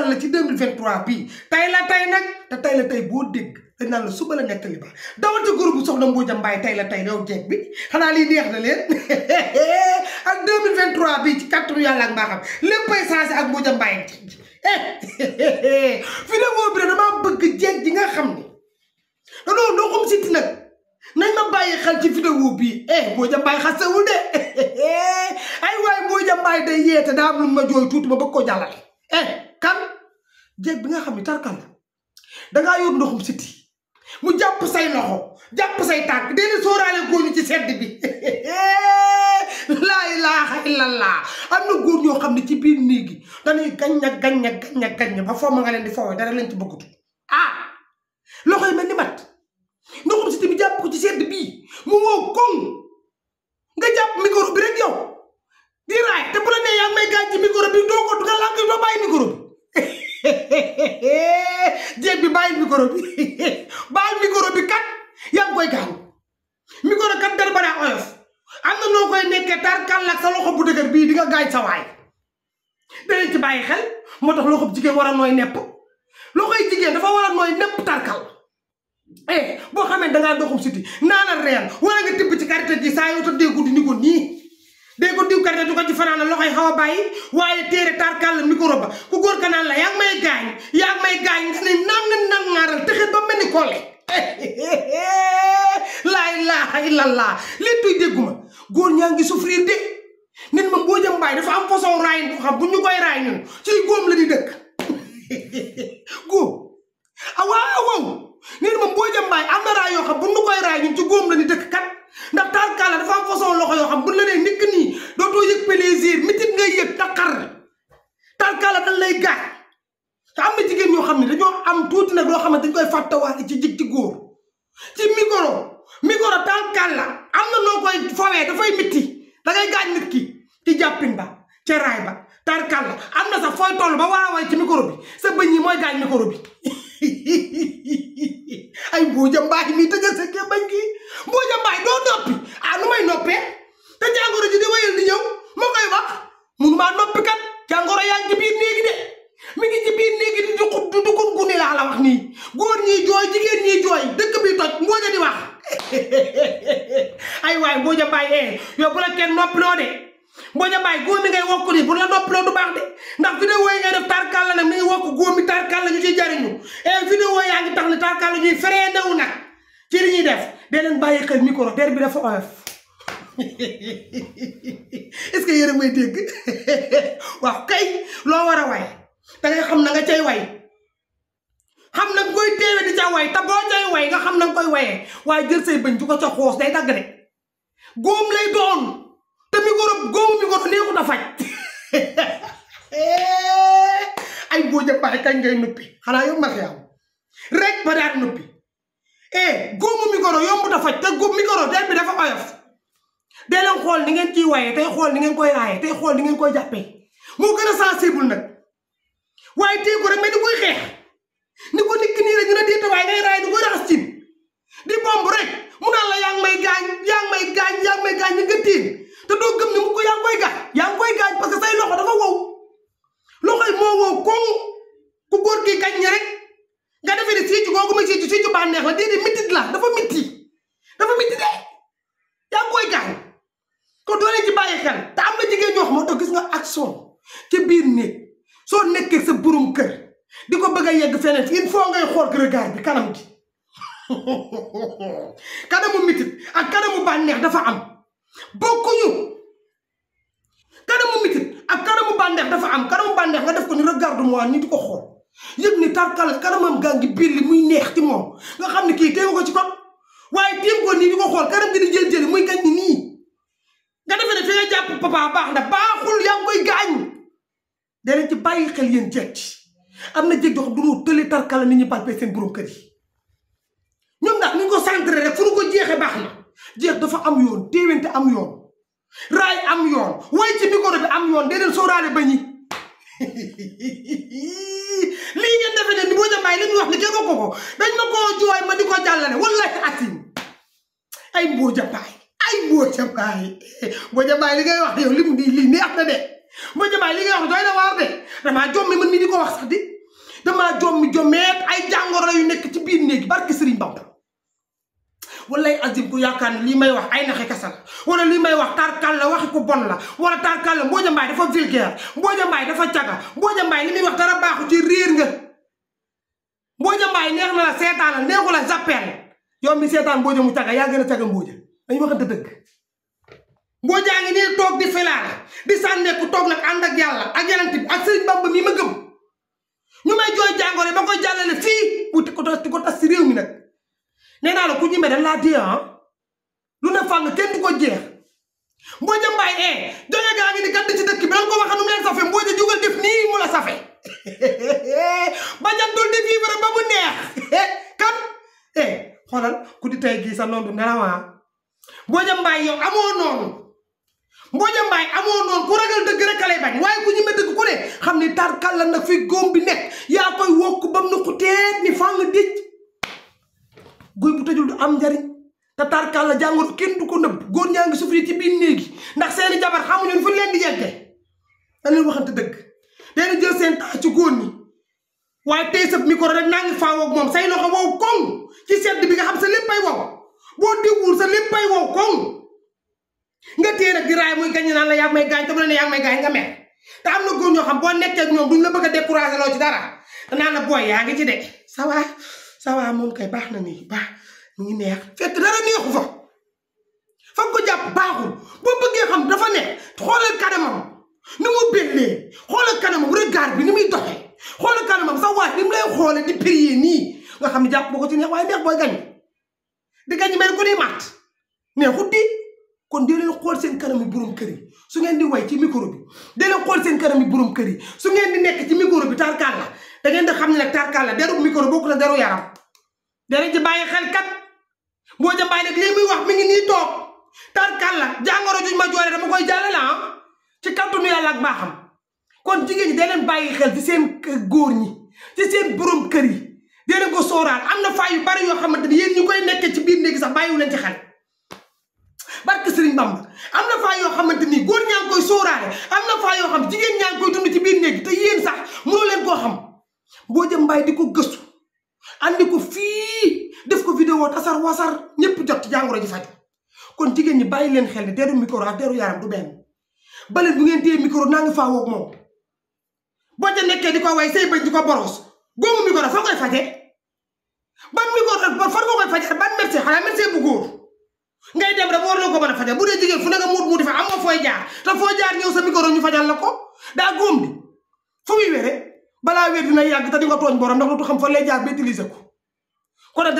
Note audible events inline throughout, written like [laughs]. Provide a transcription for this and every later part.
Sall la ci 2023 bii tay la tay nag la tay boo dégg dañ naan la suba la nettali ba dawal ci groupe bu soxna Mbodia Mbaye tay la tay bi xanaa lii na leen [laughs] ak 2023 bii ci kattanu yàlla ak mbaaxam léppay saasi ak Mbodia Mbaye fi la woo bi bëgg jeeg ji nga xam ni danoo doo xam siti nag nañ ma bàyyi xel ci vidéo bii eh a Mbaye xasewul de [laughs] ay waay Mbodia Mbaye day yeete daa am lu ma jooy tuuti ma bëgg ko jàllale eh jeeg bi nga xam ne tarkal la dangaa yor ndoxum siti mu jàpp say loxo jàpp say tànk dina sóoraale góor ñu ci sedd bi laa [laughs] ilaaha illallah am na góor ñoo xam ne ci biir néeg gi dañuy gàñña gàñña gàñña gàñña ba fooma nga leen di foowee dara lañ ci bëggatu ah loxo yi mel ni mat ndoxum siti bi jàpp ko ci sedd bii mu wow koŋ nga jàpp [laughs] jéeg bi bàyyil micro bi [laughs] bàyyil micro bi kat yaa ngi koy gaaw micro kat dara ba daa oyof am na noo koy nekkee tar kàll ak sa loxo bu dëgër bii di nga gaañ sa waay danañ bàyyi xel moo tax loxo jigéen war a nooy nepp loxoy jigéen dafa war a nooy nepp tarkal eh boo xamee dangaa doxum siti naanal reyal a nga tibb ci karité ji saa yoo ta di ni ko nii dégg ko diw karité du ko ci fanaana loxoy xaw a bàyyi waaye téere tarkal la ba ku xoole laa ilaaha illallah lépp tuy góor ñaa ngi souffrir de nit ma Mbodia Mbaye dafa am façon raay bu xam bu ñu koy raay ñun ci góom la di dëkk [laughs] góom fàttawaale ci jig ci góor ci micro micro tànkal la am na noo koy fawee dafay mitti da gaañ nit ki ci jàppin ba ca raay ba tànkal la am na sax fooy toll ba waaway ci micro bi sa bëñ yi mooy gaañ micro bi [laughs] ay Mbodia Mbaye mi tëggal sa bañ kii Mbodia Mbaye doo noppi waaye waay Mbodia Mbaye eh yow bu la kenn noppiloo de Mbodia Mbaye góor mi ngay wokk nii bu la noppiloo du baax de ndax vidéo yi ngay def tarkalla nag mi ngi wokk ñu ciy jariñu eh vidéo yaa ngi tax ne tarkalla ñuy feree new nag ci li ñuy def dee leen bàyyi xel bi dafa [laughs] est-ce que yéen a may dégg [laughs] loo war a way xam na nga cay way xam na koy teewe di ca way te boo cay way nga xam na koy wayee waaye jël say bëñ du ko ca xoos day dagg de góom lay doon te mi góor góomu mi góor neexut a faj [laughs] ay booja baax kañ ngay nuppi xanaa yow ma xiyam rek ba daat nuppi eh góomu mi góor yombut a faj te góom mi góor der bi dafa oyof dee leen xool ni ngeen ciy waaye tey xool ni ngeen koy aaye tey xool ni ngeen koy jàppee moo gën a sensible nag waaye téye ko rek mais ni koy xeex ni ko nit ki nii rek ñu ne déet waaye ngay raay du koy raxas di bomb rek mu naan la yaa ngi may gaañ yaa ngi may gaañ yaa ngi ko yaa ngi koy gaañ yaa ngi koy gaañ say loxo dafa wow loxo yi moo wow koŋ ku góor gi gaañ ñi nga defee ni siicu googu ma siicu siicu bànneex la déedéet mitit la dafa miti dafa miti de yaa ngi gaañ ko doo leen ci bàyyi xel te am na jigéen ñoo xam ne gis nga action ci biir néeg soo nekkee sa burum kër di ko bëgg a yegg feneen il faut ngay xool regard bi kanam gi [laughs] kanamu mitit ak kanamu bànneex dafa am bokkuñu kanamu mitit ak kanamu bànneex dafa am kanamu bànneex nga def ko ni regarde moi nit ko xool yëg ni tarkal kanamam gaa ngi billi muy neex ci moom nga xam ne kii téye ko ci kon waaye téye ko nii di ko xool kanam gi di jël jëli muy gañ ni nii nga defee ne fi nga jàpp papa baax na baaxul yaa ngi koy gaañ danañ ci bàyyi xel yéen jeeg am na jeeg dox du tële tarkala nit ñi palpé seen borom yi concentré rek fu nu ko jeexee baax na jeex dafa am yoon déwénte am yoon raay am yoon way ci micro bi am yoon dee leen sóoraale ba ñi [laughs] lii ngeen defe ne ni boo jàmbaay li ñuy wax ne jëgo ko ko dañ ma koo jooy ma di ko jàllale wallahi atim ay mboo jàmbaay ay mboo jàmbaay li ngay wax yow li mu di lii neex na de li ngay wax doy na waar de damaa jommi man mi di ko wax sax di damaa jommi jommeet ay jàngoro yu nekk ci biir néegi barki Sëriñ Bamba walay azim ku yaakaar ne lii may wax ay naxe kese la wala lii may wax tarkal la waxi ku bon la wala tarkal la Mbodia Mbaye dafa vulgaire Mbodia Mbaye dafa caga Mbodia Mbaye li muy wax dara baaxu ci réer nga Mbodia Mbaye neex na la seetaan la neexu la zappeel yow mi seetaan Mbodia mu caga yaa gën a caga Mbodia dañu waxante dëgg nii toog di filaale di sànneeku toog nag ànd ak yàlla ak yonent bi ak sëriñ Bamba mi ma gëm ñu may jooy jàngoro ba koy jàllale fii bu ti ko tas si réew mi nag nee naa la ku ñemee dañ laa ah lu ne fàng kenn du ko jeex Mbodja Mbaye eh joxe gaa ngi ni kat ci dëkk bi da nga [laughs] ba [laughs] eh, sa noonu du nelaw ah a xam ni tarkal la nag fi góom nekk yaa koy wokk bam na ku teet ni fàng dij guy bu tëjul du am njariñ te tarkaal la jàngoro kenn du ko nëbb góor ñaa ngi souffrir ci biir néegi ndax seeni jabar xamuñu fu leen di yeggee dañ leen waxante dëgg dañu jël seen temps ci góor ñi waaye tey sab micro rek naa ngi faawoo say loxo wow koŋ ci bi nga xam sa léppay wow boo diwul sa léppay wow koŋ nga téye nag di raay muy gañe naan la yaa may gaañ te bu la ne yaa may gaañ am na góor ñoo xam boo nekkee ak ñoom duñ la bëgg a découragé loo ci dara danaa la booy yaa ngi ci de ça ça va moom kay baax na nii baax mu ngi neex fekk dara neexu fa fa ko jàpp baaxul boo bëggee xam dafa ne xoolal kanamam ni mu bellee xoolal kanamam regard bi ni muy doxee xoolal kanamam sa waay ni mu lay xoole di prier nii nga xam ne jàpp boo ko ci neex waaye neex booy gañ di gañ mel ku ni matt neexut di kon dee leen xool seen kanam yi borom kër su ngeen di way ci micro bi dee leen xool seen kanam yi borom kër yi su ngeen di nekk ci micro bi tarkaan la da ngeen xam ne nag tarkaal la deru micro bokk la deru yaram danañ ci bàyyi xel kat boo ja bàyyi nag lii muy wax mi ngi nii toog tarkaal la jàngoro juñ ma joore dama koy jàlle la ah. ci kàttanu yàlla ak baaxam kon jigéen ñi da bàyyi xel ci seen góor ñi ci seen borom kër yi dee leen ko sóoraal am na faa yu bari yoo xamante ni yéen ñu koy nekkee ci biir néegi sax bàyyiwu leen ci xel barke Sëriñ Bamba am na faa yoo xamante ni góor ñaa ngi am na faa yoo xam jigéen ñaa ngi koy dund ci biir néegi te yéen sax mënoo leen koo xam boo Mbaye di ko gëstu andi ko fii def ko vidéo tasar wasar ñëpp jot jàngoro ji faju kon jigéen ñi bàyyi leen xel ne deru micro ak deru yaram du benn baleen bu ngeen téye micro naa ngi faawoo ak moom boo ca nekkee di ko way say bañ di ko boros góomu micro dafa koy faje ban micro ak bor far nga koy ban médecin xanaa médecin bu góor ngay dem rek war na ko mën a fajal bu dee jigéen fu nekk muut muut fa amoo fooy jaar te foo jaar ñëw sa micro ñu fajal la ko daa góom di fu muy wéree balaa wér dina yàgg te di nga tooñ borom ndax dootu xam fan lay jaar ba utilisé ko kon nag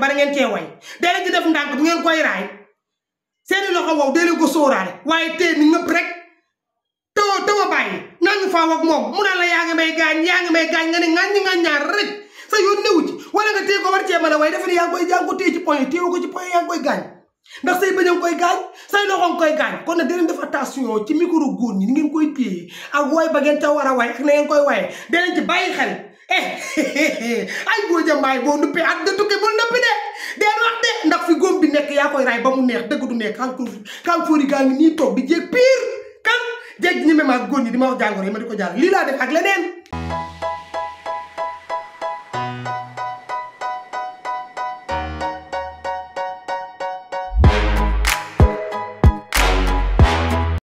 danañ ngeen cee way danañ ci def ndànk bu ngeen koy raay seeni loxo wow danañ ko sóoraale waaye tee ni ñëpp rek taw taw a bàyyi nangu faa ak moom mu naan la yaa ngi may gaañ yaa ngi may gaañ nga ne ŋaññi nga ñaar rek sa yoon newu ci wala nga téye ko war cee a way dafa ne yaa ngi koy yaa ko téye ci point yi téye ko ci point yaa ngi gaañ ndax say bañ a koy gaañ say loxo nga koy gaañ kon na dinañ def attention ci micro góor ñi ni ngeen koy téye ak woy ba ngeen ca war a way ak na ngeen koy waye dinañ ci bàyyi xel eh [laughs] ay góor jàmbaay boo nuppee at da tukki bul noppi de deel wax de ndax fi bi nekk yaa koy raay ba mu neex dëgg du nekk kankoor kankoor yi gaa ngi nii toog di jéeg pire kan jéeg ñeme ma ak góor ñi di ma wax jàngoro yi ma di ko jàll lii laa def ak leneen